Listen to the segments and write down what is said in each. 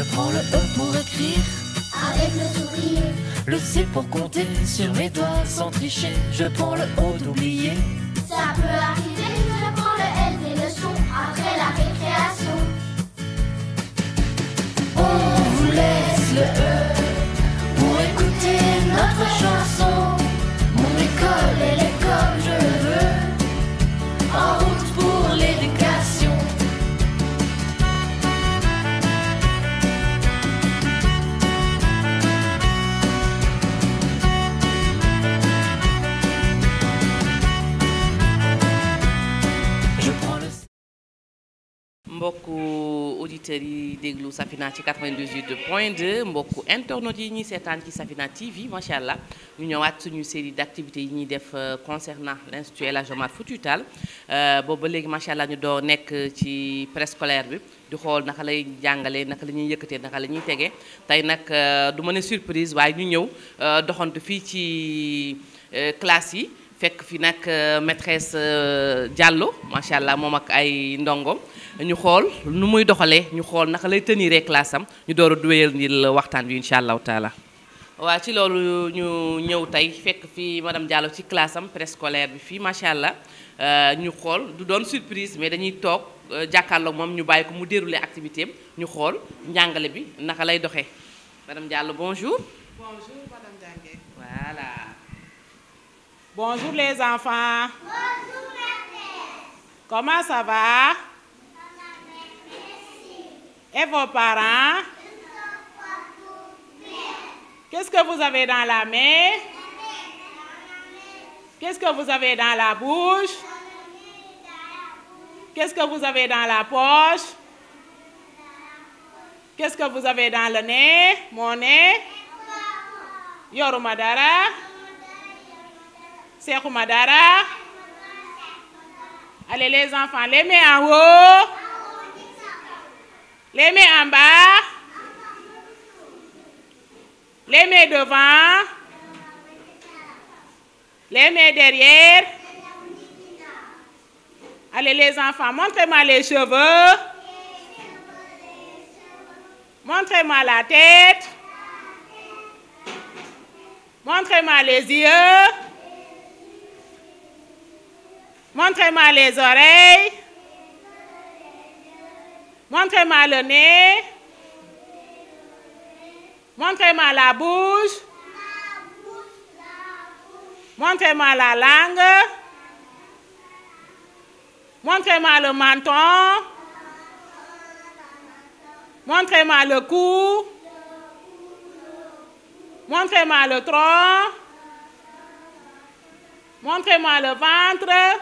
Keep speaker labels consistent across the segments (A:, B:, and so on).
A: Je prends le E pour écrire avec le sourire. Le C pour compter sur mes doigts sans tricher. Je prends le O d'oublier. Ça peut arriver, je prends le L des leçons après la récréation. On vous laisse le E pour écouter notre chanson.
B: auditeurs yi déglu Safina ci 98 point 2 internautes yi ñi sétane ci Safina TV machallah ñu ñëwaat suñu série d'activités yi ñi def euh, concernant l'institut institut El Hadj Omar Foutiyou Tall euh, boobu ba léegi macha ñu do nek ci préscolaire bi di xol naka lay jàngalé naka la yëkëté yëkkatee naka la ñuy tegee tey nag euh, surprise way ñu ñëw doxantu fi ci classe yi. fekk fi nag euh, maîtresse jàllo euh, macha allah moom ak ay ndongom ñu xool nu muy doxalee ñu xool naka lay tenir classe am ñu door a duwéyal ndil waxtaan bi incha allahu taala. waaw ci loolu ñu ñëw tey fekk fi madame Diallo ci classe am préscolaire bi fii macha allah euh, ñu xool du doon surprise mais dañuy toog jàkkaarloog moom ñu bàyyi ko mu déroulé activité am ñu xool njàngale bi naka lay doxee madame bonjour. Bonjour les enfants.
C: Bonjour ma mère. Comment ça va? Et vos parents? Qu'est-ce que vous avez dans la main? Qu'est-ce que vous avez dans la bouche? Qu'est-ce que vous avez dans la poche? Qu'est-ce que vous avez dans le nez? Mon nez? Yorumadara? C'est dara Allez les enfants, les mains en haut. Les mains en bas. Les mains devant. Les mains derrière. Allez les enfants, montrez-moi les cheveux. Montrez-moi la tête. Montrez-moi les yeux. Montrez-moi les oreilles. Montrez-moi le nez. Montrez-moi la bouche. Montrez-moi la langue. Montrez-moi le menton. Montrez-moi le cou. Montrez-moi le tronc. Montrez-moi le ventre.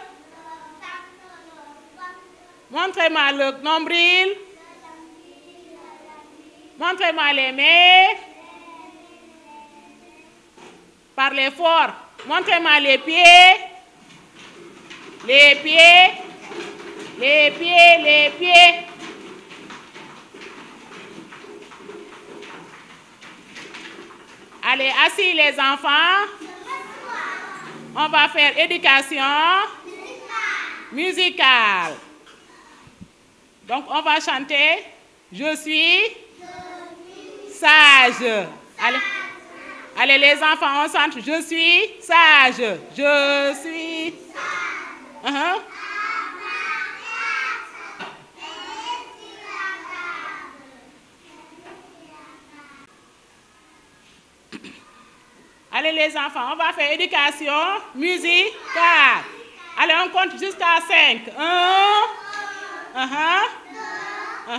C: Montrez-moi le nombril. Montrez-moi les mains. Parlez fort. Montrez-moi les pieds. Les pieds. Les pieds, les pieds. Allez, assis les enfants. On va faire éducation musicale. Donc on va chanter Je suis sage. Allez. les enfants, on chante Je suis sage. Je suis sage. Uh-huh. Allez les enfants, on va faire éducation, musique, Allez, on compte jusqu'à 5. Un, Un. Uh-huh uh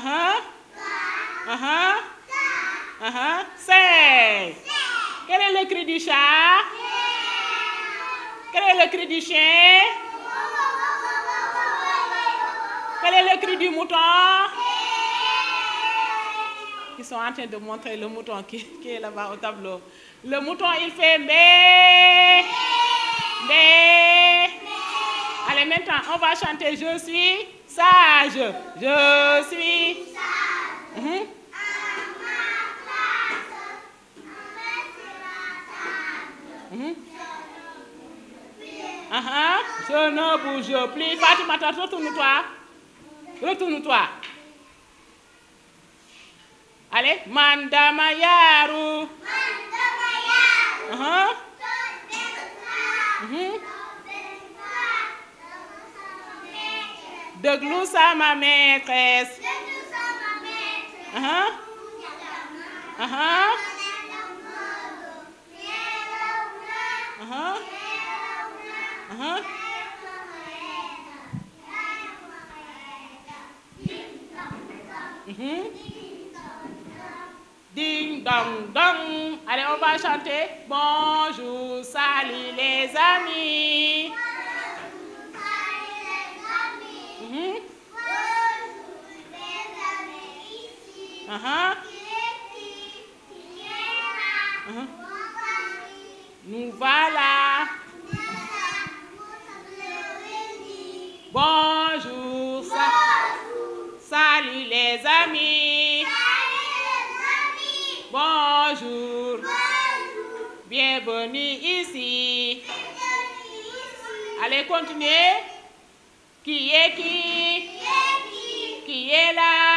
C: Quel est le cri du chat? Quel est le cri du chien?
A: Quel est le cri du
C: mouton? Ils sont en train de montrer le mouton qui, qui est là-bas au tableau. Le mouton, il fait bé, bé. Allez, maintenant, on va chanter Je suis sage. Je suis sage. Je ne bouge plus. Je ne bouge plus. Fatima, retourne-toi. Retourne-toi. Allez, Manda Yaru. Mandama Yaru. Uh-huh. Uh-huh. De ma maîtresse. maîtresse.
A: Aha. Aha. Aha. Aha. Mhm.
C: Ding dong dong. Allez, on va chanter. Bonjour, salut les amis.
A: Qui qui est est là
C: Nous voilà. Bonjour. Bonjour. Salut les amis.
A: Salut les
C: amis. Bonjour. Bonjour. Bienvenue ici.
A: Bienvenue ici.
C: Allez, continuez. Qui est qui? Qui est qui? Qui est là?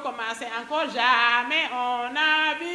C: commencer. encore. Jamais on a vu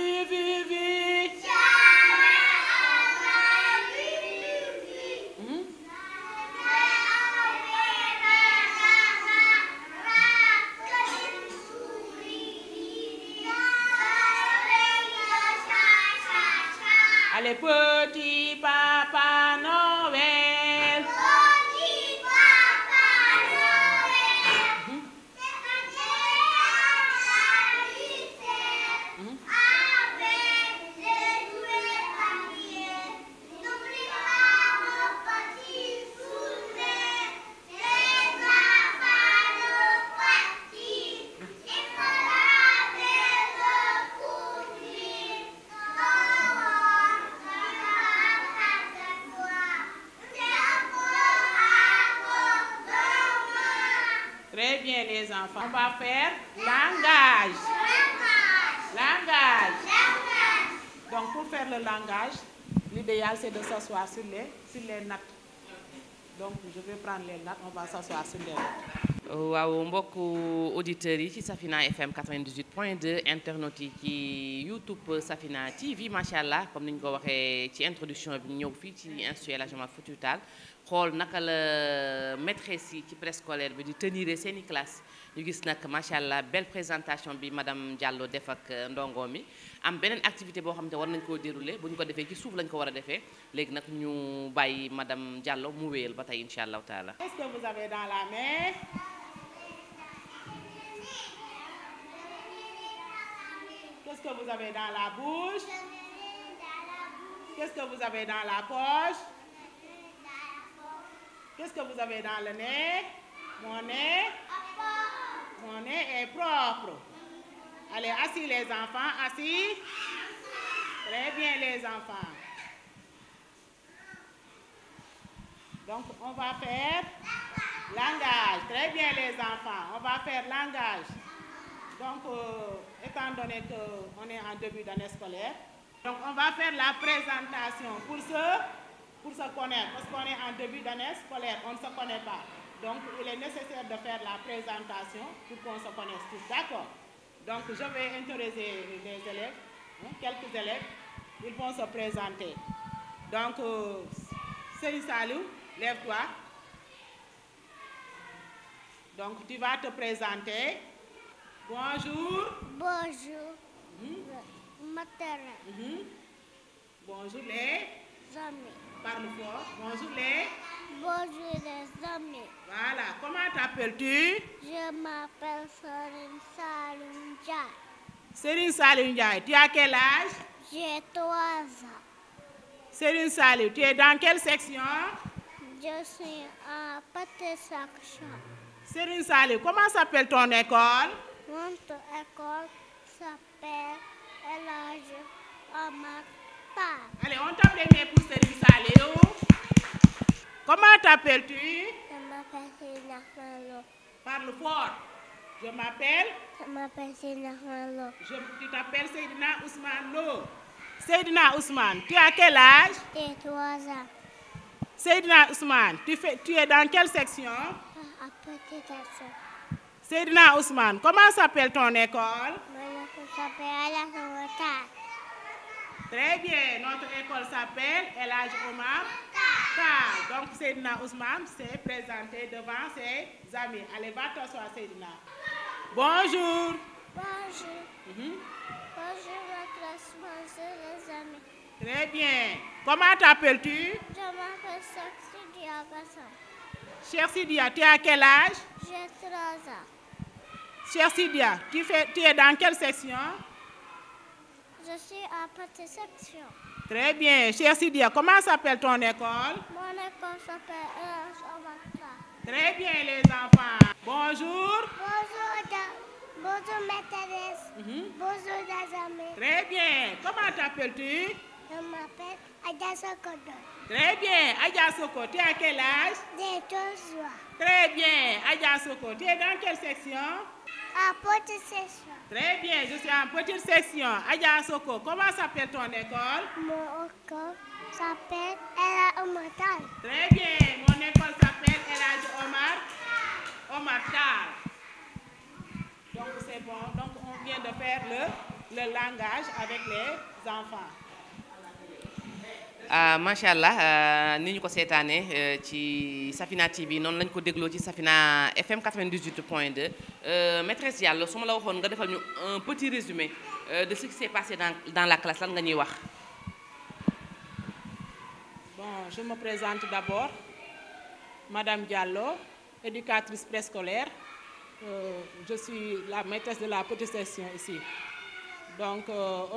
C: On va faire langage.
A: Langage. Langage.
C: Donc, pour faire le langage, l'idéal, c'est de s'asseoir sur les, sur les nattes. Donc, je vais prendre les nattes, on va s'asseoir sur les nattes.
B: waaw beaucoup d'auditeurs qui Safina FM 98.2 internautes qui YouTube Safina TV machallah, comme nous l'avons dit ci introduction bi ñëw fii ci institut El Hadji la maîtresse qui est prescolaire, bi di tenir ses classes. Nous gis nag belle présentation de Mme Diallo def ak euh, ndongo am activité qui xam war nañ dérouler bu nous ko fait, ci nous lañ ko war a defee léegi ñu Diallo mu est que tey Qu'est-ce que vous
C: avez dans la main? Qu'est-ce que vous avez dans la bouche? Qu'est-ce que vous avez dans la poche? Qu'est-ce que vous avez dans le nez? Mon nez? est, propre. Allez, assis les enfants, assis. Très bien les enfants. Donc, on va faire langage. Très bien les enfants, on va faire langage. Donc, euh, étant donné qu'on est en début d'année scolaire, donc on va faire la présentation pour ceux pour se connaître, parce qu'on est en début d'année scolaire, on ne se connaît pas. Donc, il est nécessaire de faire la présentation pour qu'on se connaisse tous. D'accord Donc, je vais intéresser les élèves, hein, quelques élèves. Ils vont se présenter. Donc, c'est euh, un lève-toi. Donc, tu vas te présenter.
A: Bonjour. Bonjour. Mmh. Bonjour les amis parle Bonjour les... Bonjour les amis. Voilà, comment
C: t'appelles-tu
A: Je m'appelle Serine Salunjai.
C: Serine Salunjai, tu as quel âge
A: J'ai trois ans.
C: Serine Salou, tu es dans quelle section
A: Je suis en petite section.
C: Serine Salou, comment s'appelle ton école
A: Mon école s'appelle Elage Amak Allez, on t'appelle les mains pour service Léo. Oh.
C: Comment t'appelles-tu Je m'appelle Sina Malo. Parle fort. Je m'appelle Je m'appelle Sina Malo. Je, tu t'appelles Seydina Ousmane Seydina Ousmane, tu as quel âge
A: J'ai 3 ans.
C: Seydina Ousmane, tu, es dans quelle section
A: À petite section.
C: Seydina Ousmane, comment s'appelle ton école
A: Mon école s'appelle Alassane
C: Très bien. Notre école s'appelle El Omar K. Donc, Seydina Ousmane s'est présentée devant ses amis. Allez, va t'asseoir, Seydina. Bonjour.
A: Bonjour. Mhm. Bonjour, ma classe. Bonjour, les amis.
C: Très bien. Comment t'appelles-tu
A: Je m'appelle Sidia Bassam.
C: Cher Sidia, tu es à quel âge
A: J'ai 3 ans.
C: Cher Sidia, tu, es dans quelle section
A: je suis à petite
C: Très bien. Cher Sidia, comment s'appelle ton école?
A: Mon école s'appelle ES
C: Très bien, les enfants. Bonjour.
A: Bonjour, bonjour maîtresse. Mhm. Bonjour, les Très
C: bien. Comment t'appelles-tu?
A: Je m'appelle Adja
C: Très bien. Adja Sokoto, tu à quel âge?
A: J'ai 12 ans.
C: Très bien. Adja Sokoto, dans quelle section? En petite session. Très bien, je suis en petite session. Aya Soko, comment s'appelle ton école Mon école s'appelle Ella Omar. Très bien, mon école s'appelle Ella Omar Tal. Donc c'est bon, donc on vient de faire le, le langage avec les enfants.
B: Ah, macha allah ah, nous ñu ko seetaanee eh, ci Safina TV lañ ko Safina FM 98.2. Eh, maîtresse Diallo su ma la waxoon nga un petit résumé eh, de ce qui s'est passé dans la classe lan nga
C: bon je me présente d'abord madame Diallo éducatrice préscolaire euh, je suis la maîtresse de la petite section ici donc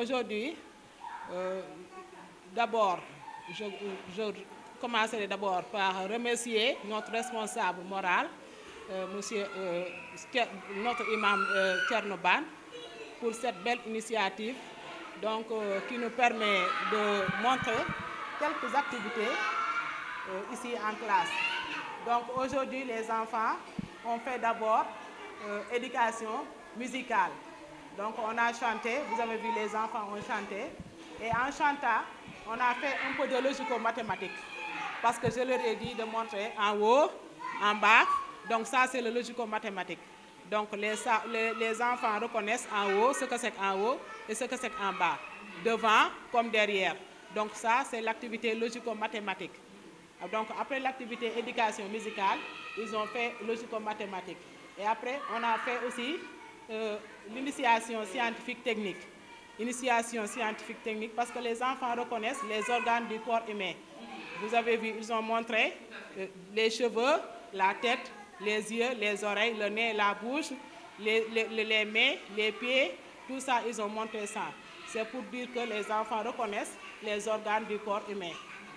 C: aujourd'hui euh, d'abord je, commencerai d'abord par remercier notre responsable moral, euh, monsieur, euh, notre imam Kernoban, euh, pour cette belle initiative donc, qui nous permet de montrer quelques activités ici en classe. Donc aujourd'hui, les enfants ont fait d'abord éducation musicale. Donc on a chanté, vous avez vu les enfants ont chanté. Et en chantant, on a fait un peu de logico mathématiques Parce que je leur ai dit de montrer en haut, en bas. Donc ça, c'est le logico-mathématique. Donc les, les, enfants reconnaissent en haut ce que c'est en haut et ce que c'est en bas. Devant comme derrière. Donc ça, c'est l'activité logico-mathématique. Donc après l'activité éducation musicale, ils ont fait logico-mathématique. Et après, on a fait aussi euh, l'initiation scientifique technique initiation scientifique technique, parce que les enfants reconnaissent les organes du corps humain. Vous avez vu, ils ont montré euh, les cheveux, la tête, les yeux, les oreilles, le nez, la bouche, les, les mains, les pieds, tout ça, ils ont montré ça. C'est pour dire que les enfants reconnaissent les organes du corps humain.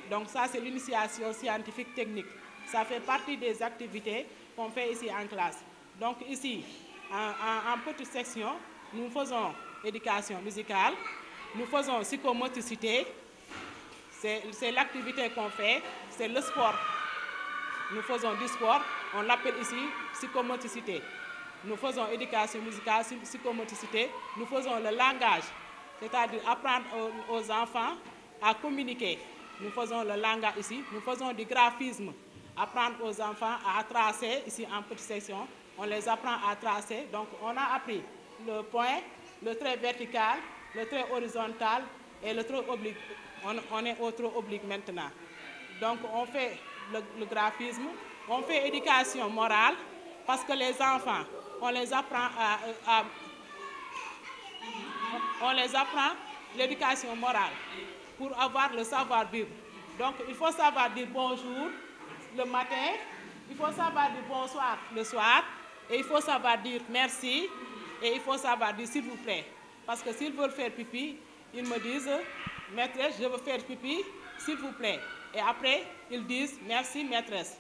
C: Donc ça, c'est l'initiation scientifique technique. Ça fait partie des activités qu'on fait ici en classe. Donc ici, en petite section, nous faisons éducation musicale. Nous faisons psychomotricité, c'est l'activité qu'on fait, c'est le sport. Nous faisons du sport, on l'appelle ici psychomotricité. Nous faisons éducation musicale, psychomotricité, nous faisons le langage, c'est-à-dire apprendre aux, enfants à communiquer. Nous faisons le langage ici, nous faisons du graphisme, apprendre aux enfants à tracer, ici en petite section, on les apprend à tracer, donc on a appris le point, le trait vertical, le trait horizontal et le trait oblique. On, est au trait oblique maintenant. Donc on fait le, graphisme, on fait éducation morale parce que les enfants, on les apprend on les apprend l'éducation morale pour avoir le savoir-vivre. Donc il faut savoir dire bonjour le matin, il faut savoir dire bonsoir le soir et il faut savoir dire merci et il faut savoir dire s'il vous plaît. Parce que s'ils veulent faire pipi, ils me disent, maîtresse, je veux faire pipi, s'il vous plaît. Et après, ils disent, merci maîtresse.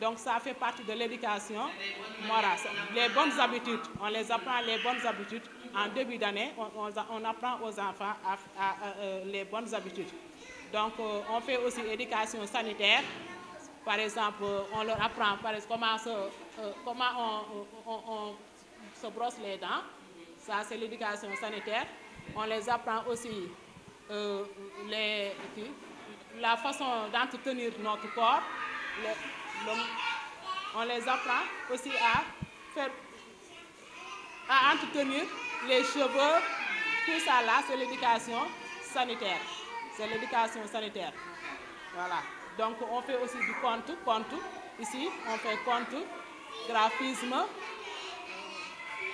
C: Donc ça fait partie de l'éducation morale. Les bonnes habitudes, on les apprend les bonnes habitudes. En début d'année, on, apprend aux enfants euh, les bonnes habitudes. Donc euh, on fait aussi éducation sanitaire. Par exemple, euh, on leur apprend par exemple, comment, on se brosse les dents. Ça, c'est l'éducation sanitaire. On les apprend aussi euh, les, la façon d'entretenir notre corps. on les apprend aussi à, faire, à entretenir les cheveux. Tout ça, là, c'est l'éducation sanitaire. C'est l'éducation sanitaire. Voilà. Donc, on fait aussi du compte, compte. Ici, on fait compte, graphisme,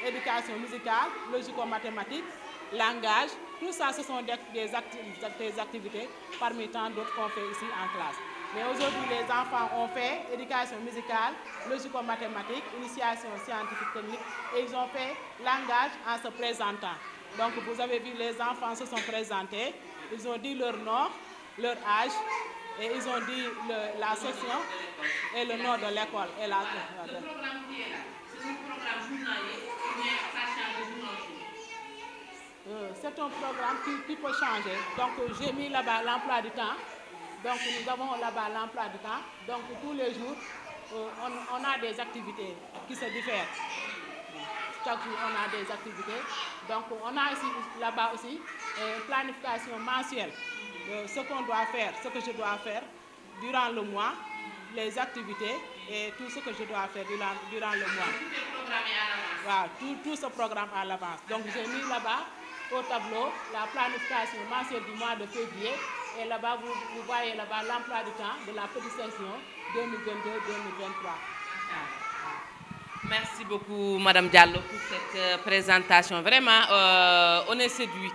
C: éducation musicale, logico-mathématique, langage, tout ça ce sont des, activités parmi tant d'autres qu'on fait ici en classe. Mais aujourd'hui, les enfants ont fait éducation musicale, logico-mathématique, initiation scientifique technique et ils ont fait langage en se présentant. Donc vous avez vu, les enfants se sont présentés, ils ont dit leur nom, leur âge et ils ont dit la session et le nom de l'école. Le programme
B: qui est là, c'est un programme journalier
C: euh, c'est un programme qui, peut changer. Donc j'ai mis là-bas l'emploi du temps. Donc nous avons là-bas l'emploi du temps. Donc tous les jours, euh, on, a des activités qui se diffèrent. Chaque jour, on a des activités. Donc on a ici là-bas aussi une euh, planification mensuelle. ce qu'on doit faire, ce que je dois faire durant le mois, les activités et tout ce que je dois faire durant, le mois. Tout à l'avance. Voilà, tout, tout ce programme à l'avance. Donc j'ai mis là-bas au tableau la planification mensuelle du mois de février. Et là-bas, vous, voyez là l'emploi du temps de la petite section 2022-2023.
B: Merci beaucoup, Madame Diallo, pour cette euh, présentation. Vraiment, euh, on est séduit.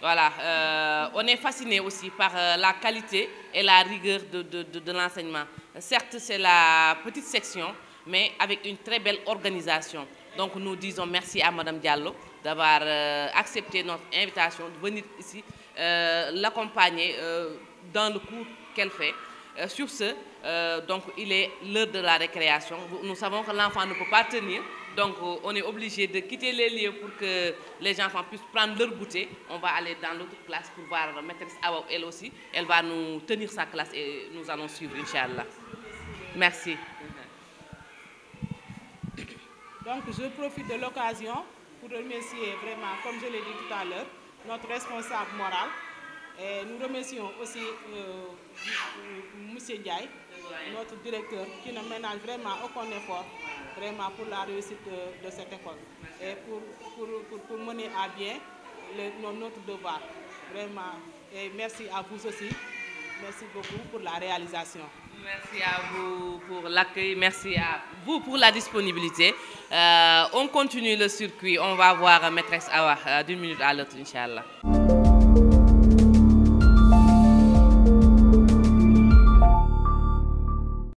B: Voilà, euh, on est fasciné aussi par la qualité et la rigueur de l'enseignement. Certes, c'est la petite section, mais avec une très belle organisation. Donc nous disons merci à Madame Diallo d'avoir euh, accepté notre invitation de venir ici euh, l'accompagner euh, dans le cours qu'elle fait. sur ce, donc il est l'heure de la récréation. Nous savons que l'enfant ne peut pas tenir, donc on est obligé de quitter les lieux pour que les enfants puissent prendre leur bouteille. On va aller dans l'autre classe pour voir maîtresse Awa, elle aussi. Elle va nous tenir sa classe et nous allons suivre, Inch'Allah.
C: Merci. Donc je profite de l'occasion pour remercier vraiment, comme je l'ai dit tout à l'heure, notre responsable moral. Et nous remercions aussi euh, M. Diaye, notre directeur, qui ne ménage vraiment aucun effort vraiment pour la réussite de, cette école et pour, mener à bien notre devoir. Vraiment. Et merci à vous aussi. Merci beaucoup pour la réalisation.
B: Merci à vous pour l'accueil, merci à vous pour la disponibilité. Euh, on continue le circuit, on va voir Maîtresse Awa euh, d'une minute à l'autre, Inch'Allah.